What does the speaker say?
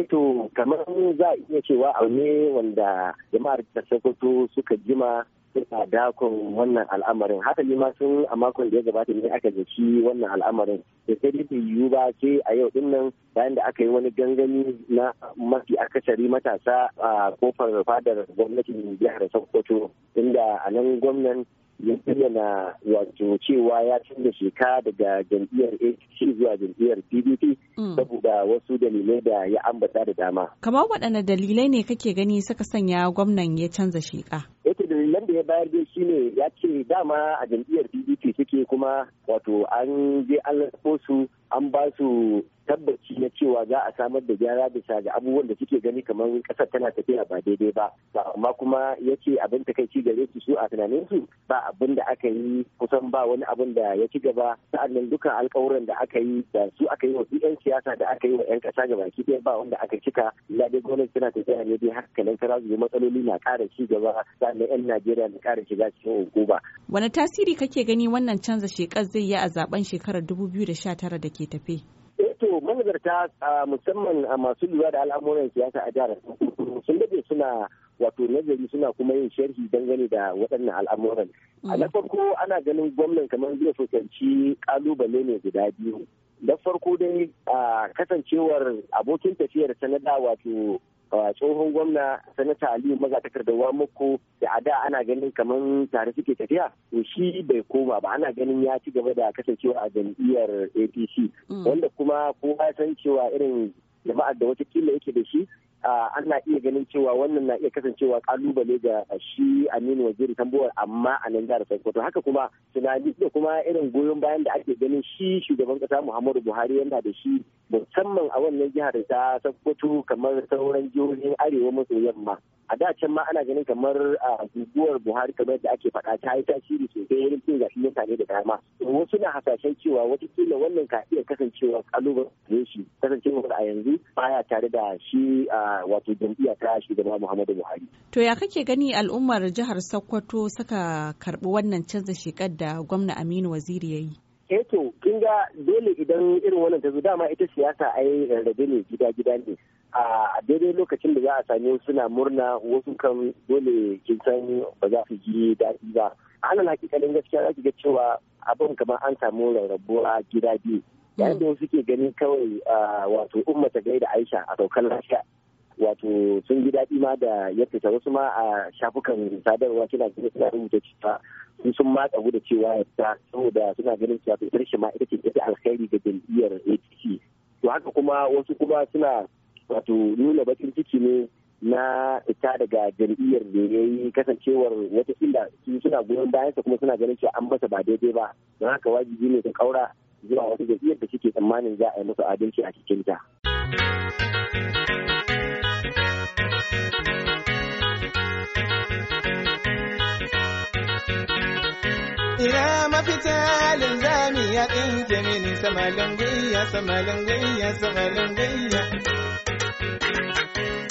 Eh, to kamar za a iya cewa a ne wanda jama'ar ta sokoto suka jima suka dakon wannan al'amarin haka ma sun a makon da ya gabata ne aka zaci wannan al'amarin da sai dai yiwu ba ce a yau din nan bayan da aka yi wani gangami na mafi akasari matasa a kofar fadar gwamnatin jihar sokoto inda a nan gwamnan ya bayyana wato cewa ya canza sheka daga jam'iyyar APC zuwa jam'iyyar PDP mm. saboda wasu dalilai da ya ambata da dama. Kamar waɗanne dalilai ne kake gani suka sanya gwamnan ya canza sheka? Yake eh, dalilan da ya bayar dai shine ya ce dama a jam'iyyar PDP suke kuma wato an je an su an ba su tabbaci na cewa za a samar da gyara bisa ga abubuwan da suke gani kamar kasar tana tafiya ba daidai ba amma kuma ya ce abin takaici gare su su a tunanin su ba abin da aka yi kusan ba wani abin da ya ci gaba sa'annan dukkan alkawuran da aka yi da su aka yi wa yan siyasa da aka yi wa yan kasa gaba ki ɗaya ba wanda aka cika ya gwamnati tana tafiya ne dai haka nan kara matsaloli na ƙara ci gaba sa'annan yan najeriya na kara shiga cikin hukuma. wani tasiri kake gani wannan canza shekar zai yi a zaben shekarar dubu biyu 2019 da ke tafe? to a musamman a masu lura da al'amuran siyasa a jihar sun daɗe suna wato nazari suna kuma yin sharhi dangane da waɗannan al'amuran. A na mm. farko ana ganin gwamnan kamar zai fuskanci kalubale ne guda biyu. Na farko dai kasancewar abokin tafiyar sanada wato tsohon gwamna sanata aliyu maza takardawa muku da a da ana ganin kamar tare suke tafiya to shi bai koma ba ana ganin ya ci gaba da kasancewa a jam'iyyar apc mm. wanda kuma kowa san cewa irin jama'ar da watakila yake da shi ana iya ganin cewa wannan na iya kasancewa kalubale ga shi aminu waziri tambuwar amma a nan jihar sokoto haka kuma tunani da kuma irin goyon bayan da ake ganin shi shugaban kasa muhammadu buhari yana da shi musamman a wannan jihar ta sokoto kamar sauran jihohin arewa maso yamma a da can ma ana ganin kamar a guguwar buhari kamar da ake faɗa ta yi tasiri sosai wurin cin gashi mutane da dama wasu na hasashen cewa wata kila wannan ka iya kasancewa kalubale shi kasancewa a yanzu baya tare da shi wato jam'iyya ta shugaba Muhammadu Buhari. To ya kake gani al'ummar jihar Sokoto suka karbi wannan canza shekar da gwamna Aminu Waziri ya yi? eh to kin ga dole idan irin wannan ta dama ita siyasa ai rarrabe ne gida gida ne a daidai lokacin da za a sami suna murna wasu kan dole kin san ba za su ji daɗi ba ana hakikalin gaskiya za ki ga cewa abin kamar an samu rarrabuwa gida biyu hmm. yayin da wasu ke gani kawai wato umma ta gaida aisha a saukar Rasha. wato sun ji daɗi ma da ya fita wasu ma a shafukan sadarwa suna gani suna rubuta cewa sun sun ma da cewa ya fita saboda suna ganin cewa fitar shi ma ita ce ita alkhairi ga jam'iyyar APC to haka kuma wasu kuma suna wato nuna bakin ciki ne na ita daga jam'iyyar da ya yi kasancewar wata inda su suna goyon bayansa kuma suna ganin cewa an masa ba daidai ba don haka wajibi ne ta kaura zuwa wata jam'iyyar da suke tsammanin za a yi masa adalci a cikinta. ina mafita linzami ya ɗinke mini sama gwiya sama gwiya sama gwiya